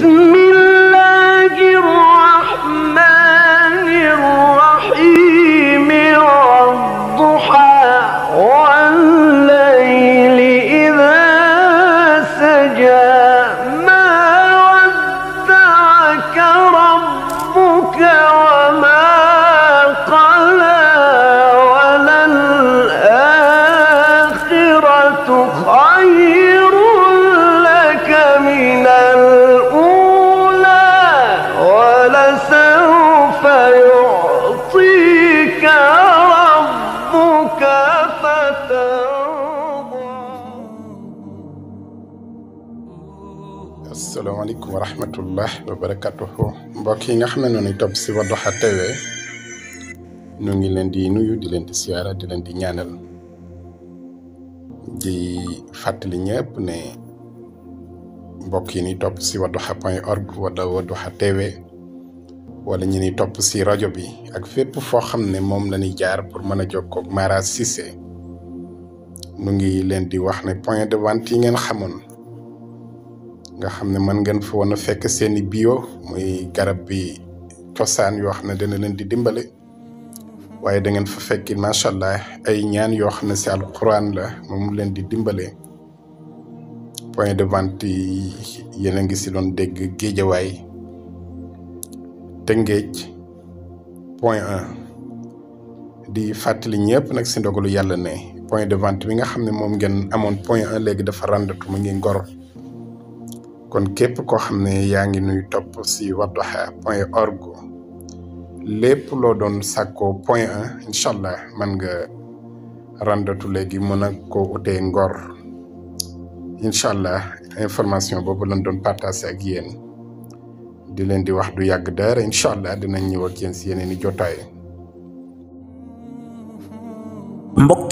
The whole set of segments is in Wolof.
Jesús. فسوف يعطيك ربك فترضى السلام عليكم ورحمة الله وبركاته mbokk yi nga xam ne ñoo ngi si Wadduha TV ñu ngi leen di nuyu di leen di siyaara di leen di di fàttali ñëpp ne mbokk yi ñuy topp si Wadduha point org wala Wadduha TV wala ñi ni top ci radio bi ak fepp fo xamne ne la jaar pour mëna a jokkoog Mara Cissé mu ngi leen di wax ne point de vente yi ngeen xamoon nga xamne man ngeen fa wona fekk seen bio muy garab bi tosan yo xamne dana leen di dimbale waye da ngeen fa fekki sha allah ay ñaan yo xamne ci si alquran la moom leen di dimbale point de vente yi ngi doon degg Tëngéej point 1 di fàttali ñëpp nag si ndogalu yàlla ne point de vente bi nga xam ne moom ngeen amoon point 1 léegi dafa rendatu mu ngi ngor kon képp koo xam ne yaa ngi nuy topp si wadduha point org lépp loo doon sàkkoo point 1 incha allah mën nga rendatu léegi mën a koo utee ngor incha allah information boobu lañ doon partagé ak yéen. di leen di wax du yàgg dara incha allah dinañ ñëw ak yéen si yeneen i jotaay.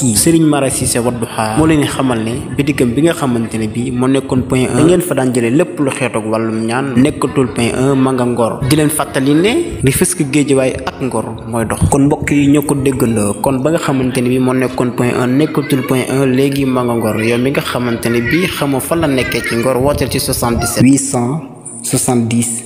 yi Serigne Mara Cissé Wadduha moo leen xamal ne bitigam bi nga xamante ne bii moo nekkoon point 1 da fa daan jëlee lépp lu xeetoog wàllum ñaan nekkatul point un ma nga ngor di leen fàttali ne Rufisque Géejawaay ak ngor mooy dox kon mbokk yi ñoo ko déggandoo kon ba nga xamante ne bii moo nekkoon point un nekkatul point un léegi ma nga ngor yow mi nga xamante ne bii xamoo fan la nekkee ci ngor wooteel ci 77 870